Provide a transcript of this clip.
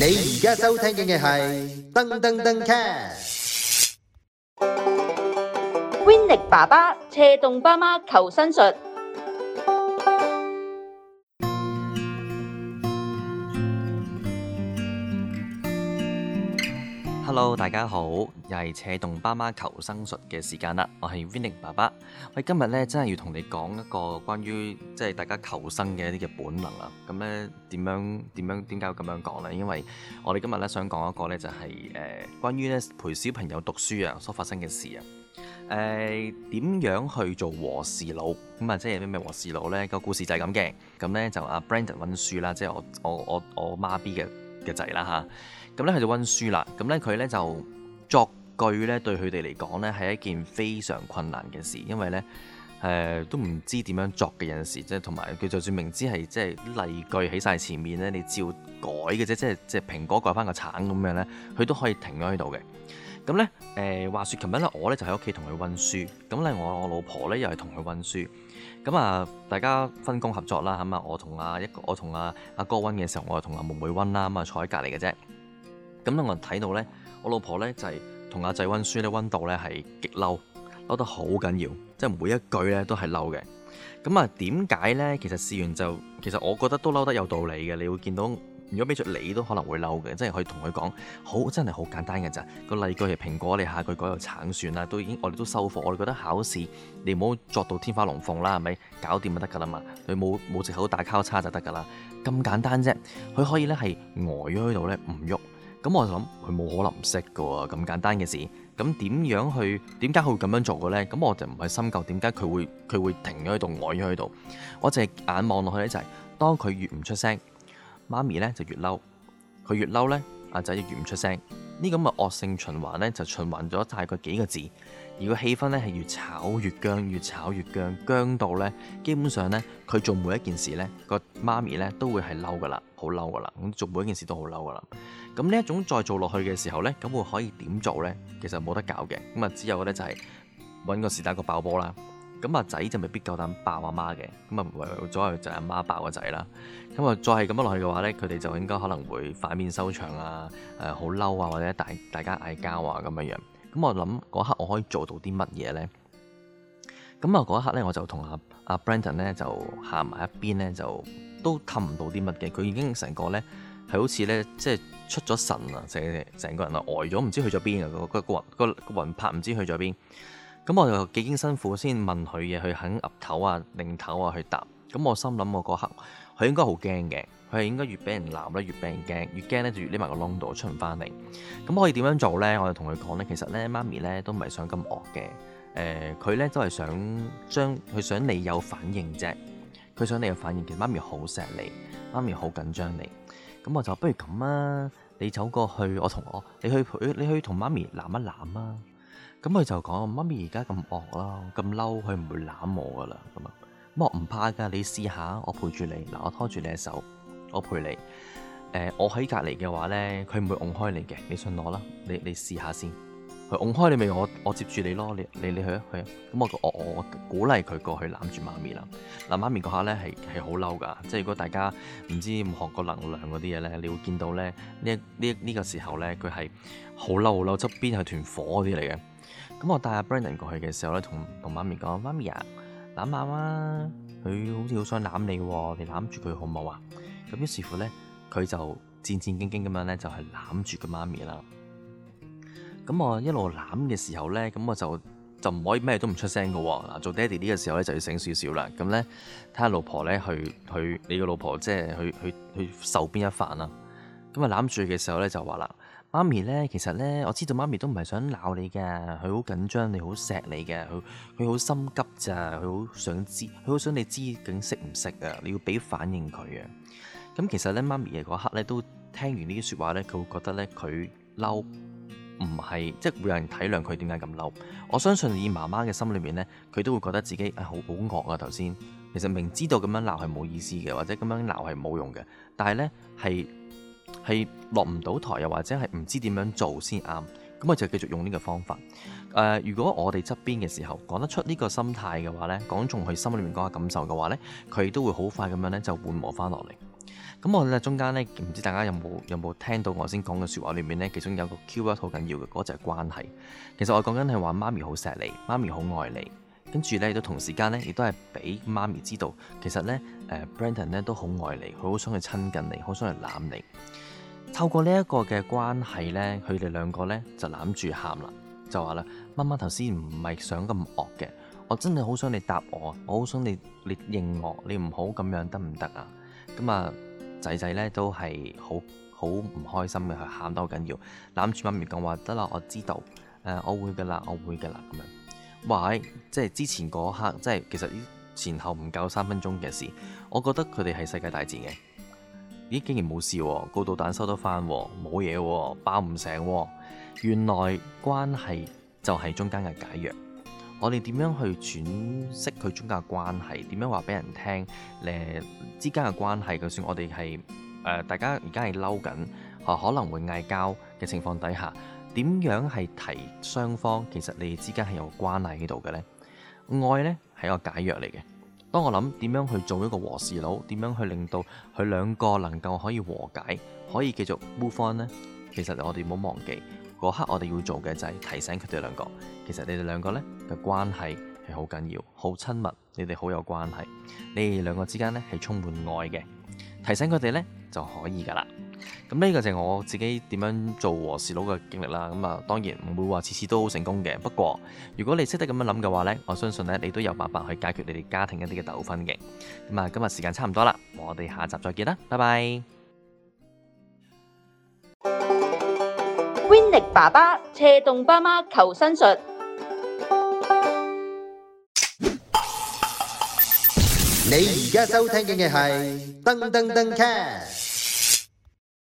你而家收聽嘅係《噔噔噔 cast》，Winnie 爸爸車動爸媽求生術。Hello，大家好，又係扯動爸媽求生術嘅時間啦，我係 Vinnie 爸爸，我今日咧真係要同你講一個關於即係大家求生嘅一啲嘅本能啦，咁咧點樣點樣點解咁樣講咧？因為我哋今日咧想講一個咧就係、是、誒、呃、關於咧陪小朋友讀書啊所發生嘅事啊，誒、呃、點樣去做和事佬咁啊？即係咩咩和事佬咧？個故事就係咁嘅，咁咧就阿、啊、Brandon 溫書啦，即係我我我我媽 B 嘅。嘅仔啦嚇，咁咧佢就溫書啦，咁咧佢咧就作句咧對佢哋嚟講咧係一件非常困難嘅事，因為咧誒、呃、都唔知點樣作嘅，有陣時，即係同埋佢就算明知係即係例句喺晒前面咧，你照改嘅啫，即係即係蘋果改翻個橙咁樣咧，佢都可以停咗喺度嘅。咁咧，誒話説琴日咧，我咧就喺屋企同佢温書。咁咧，我我老婆咧又係同佢温書。咁啊，大家分工合作啦，咁嘛，我同啊一我同啊阿哥温嘅時候，我係同阿妹妹温啦，咁啊坐喺隔離嘅啫。咁咧，我睇到咧，我老婆咧就係同阿仔温書咧，温度咧係極嬲，嬲得好緊要，即係每一句咧都係嬲嘅。咁啊，點解咧？其實試完就，其實我覺得都嬲得有道理嘅。你會見到。如果俾着你都可能會嬲嘅，即係可以同佢講，好真係好簡單嘅咋，個例句蘋果，係蘋果，你下句改做橙算啦，都已經我哋都收貨，我哋覺得考試你唔好作到天花龍鳳啦，係咪？搞掂就得㗎啦嘛，佢冇冇藉口打交叉就得㗎啦，咁簡單啫。佢可以咧係呆咗喺度咧唔喐，咁我就諗佢冇可能唔識㗎喎，咁簡單嘅事。咁點樣去？點解佢會咁樣做嘅咧？咁我就唔係深究點解佢會佢會停咗喺度呆咗喺度。我淨係眼望落去咧就係、是，當佢越唔出聲。媽咪咧就越嬲，佢越嬲咧，阿仔就越唔出聲。呢咁嘅惡性循環咧，就循環咗大概幾個字，而個氣氛咧係越炒越僵，越炒越僵，僵到咧基本上咧佢做每一件事咧個媽咪咧都會係嬲㗎喇，好嬲㗎喇，咁做每一件事都好嬲㗎喇。咁呢一種再做落去嘅時候咧，咁會可以點做咧？其實冇得搞嘅，咁啊只有咧就係搵個時打個爆波啦。咁啊仔就未必夠膽爆阿媽嘅，咁啊為咗就係阿媽，媽爆個仔啦。咁啊再係咁落去嘅話咧，佢哋就應該可能會反面收場啊，誒好嬲啊，或者大大家嗌交啊咁樣樣。咁我諗嗰一刻我可以做到啲乜嘢咧？咁啊嗰一刻咧，我就同阿阿 Brandon 咧就行埋一邊咧，就都氹唔到啲乜嘅。佢已經成個咧係好似咧即係出咗神啊，成成個人啊呆咗，唔知去咗邊啊個、嗰個魂、嗰個魂魄唔知去咗邊。咁我就幾經辛苦先問佢嘢，佢肯岌頭啊、擰頭啊去答。咁我心諗我嗰刻佢應該好驚嘅，佢係應該越俾人鬧咧越俾人驚，越驚咧就越匿埋個窿度出唔翻嚟。咁可以點樣做咧？我就同佢講咧，其實咧媽咪咧都唔係想咁惡嘅。誒，佢咧都係想將佢想你有反應啫。佢想你有反應，其實媽咪好錫你，媽咪好緊張你。咁我就不如咁啊，你走過去，我同我你去你去同媽咪攬一攬啊！咁佢就講：媽咪而家咁惡啦，咁嬲，佢唔會攬我噶啦咁啊！我唔怕噶，你試下，我陪住你嗱，我拖住你隻手，我陪你。誒、呃，我喺隔離嘅話咧，佢唔會掹開你嘅，你信我啦。你你試下先，佢掹開你咪我我接住你咯。你你你去啊，去啊咁我我我鼓勵佢過去攬住媽咪啦嗱。媽咪嗰下咧係係好嬲噶，即係如果大家唔知學過能量嗰啲嘢咧，你會見到咧呢呢呢、呢個時候咧佢係好嬲好嬲側邊係團火嗰啲嚟嘅。咁我帶阿 Brandon 過去嘅時候咧，同同媽咪講：媽咪啊，攬攬啦，佢好似好想攬你喎、啊，你攬住佢好唔好啊？咁於是乎咧，佢就戰戰兢兢咁樣咧，就係攬住個媽咪啦。咁我一路攬嘅時候咧，咁我就就唔可以咩都唔出聲嘅喎。嗱，做爹哋呢個時候咧，就要醒少少啦。咁咧，睇下老婆咧，去去你個老婆即係去去去，去受邊一範啦、啊。咁啊攬住佢嘅時候咧，就話啦。媽咪呢，其實呢，我知道媽咪都唔係想鬧你㗎，佢好緊張，很你好錫你嘅，佢佢好心急咋，佢好想知，佢好想你知究竟識唔識啊！你要俾反應佢啊。咁其實呢，媽咪嘅嗰刻呢，都聽完呢啲説話呢，佢會覺得呢，佢嬲，唔係即係會有人體諒佢點解咁嬲。我相信以媽媽嘅心裏面呢，佢都會覺得自己係好好惡啊頭先。其實明知道咁樣鬧係冇意思嘅，或者咁樣鬧係冇用嘅，但係呢，係。係落唔到台，又或者係唔知點樣做先啱，咁我就繼續用呢個方法。誒、呃，如果我哋側邊嘅時候講得出呢個心態嘅話呢，講從佢心裏面講下感受嘅話呢，佢都會好快咁樣呢就緩和翻落嚟。咁我咧中間呢，唔知大家有冇有冇聽到我先講嘅説話裏面呢，其中有一個 keyword 好緊要嘅，嗰就係關係。其實我講緊係話媽咪好錫你，媽咪好愛你。跟住咧，都同時間咧，亦都係俾媽咪知道，其實咧，誒，Brenton 咧都好愛你，佢好想去親近你，好想去攬你。透過呢一個嘅關係咧，佢哋兩個咧就攬住喊啦，就話啦，媽媽頭先唔係想咁惡嘅，我真係好想你答我，我好想你，你認我，你唔好咁樣得唔得啊？咁、嗯、啊，仔仔咧都係好好唔開心嘅，佢喊到緊要，攬住媽咪講話得啦，我知道，誒，我會㗎啦，我會㗎啦，咁樣。喂，即係之前嗰刻，即係其實前後唔夠三分鐘嘅事，我覺得佢哋係世界大戰嘅。咦？竟然冇事喎，嗰導彈收得翻喎，冇嘢喎，爆唔醒喎。原來關係就係中間嘅解藥。我哋點樣去詮釋佢中間嘅關係？點樣話俾人聽？誒，之間嘅關係，就算我哋係誒大家而家係嬲緊，可能會嗌交嘅情況底下。點樣係提雙方？其實你哋之間係有關係喺度嘅呢？愛呢係一個解藥嚟嘅。當我諗點樣去做一個和事佬，點樣去令到佢兩個能夠可以和解，可以繼續 move on 呢？其實我哋唔好忘記嗰刻我哋要做嘅就係提醒佢哋兩個。其實你哋兩個呢嘅關係係好緊要、好親密，你哋好有關係。你哋兩個之間呢係充滿愛嘅。提醒佢哋呢就可以㗎啦。咁呢個就係我自己點樣做和事佬嘅經歷啦。咁啊，當然唔會話次次都好成功嘅。不過如果你識得咁樣諗嘅話呢，我相信呢，你都有辦法去解決你哋家庭一啲嘅糾紛嘅。咁啊，今日時間差唔多啦，我哋下集再見啦，拜拜。Winny 爸爸扯動爸媽求生術。你而家收聽緊嘅係《噔噔噔 c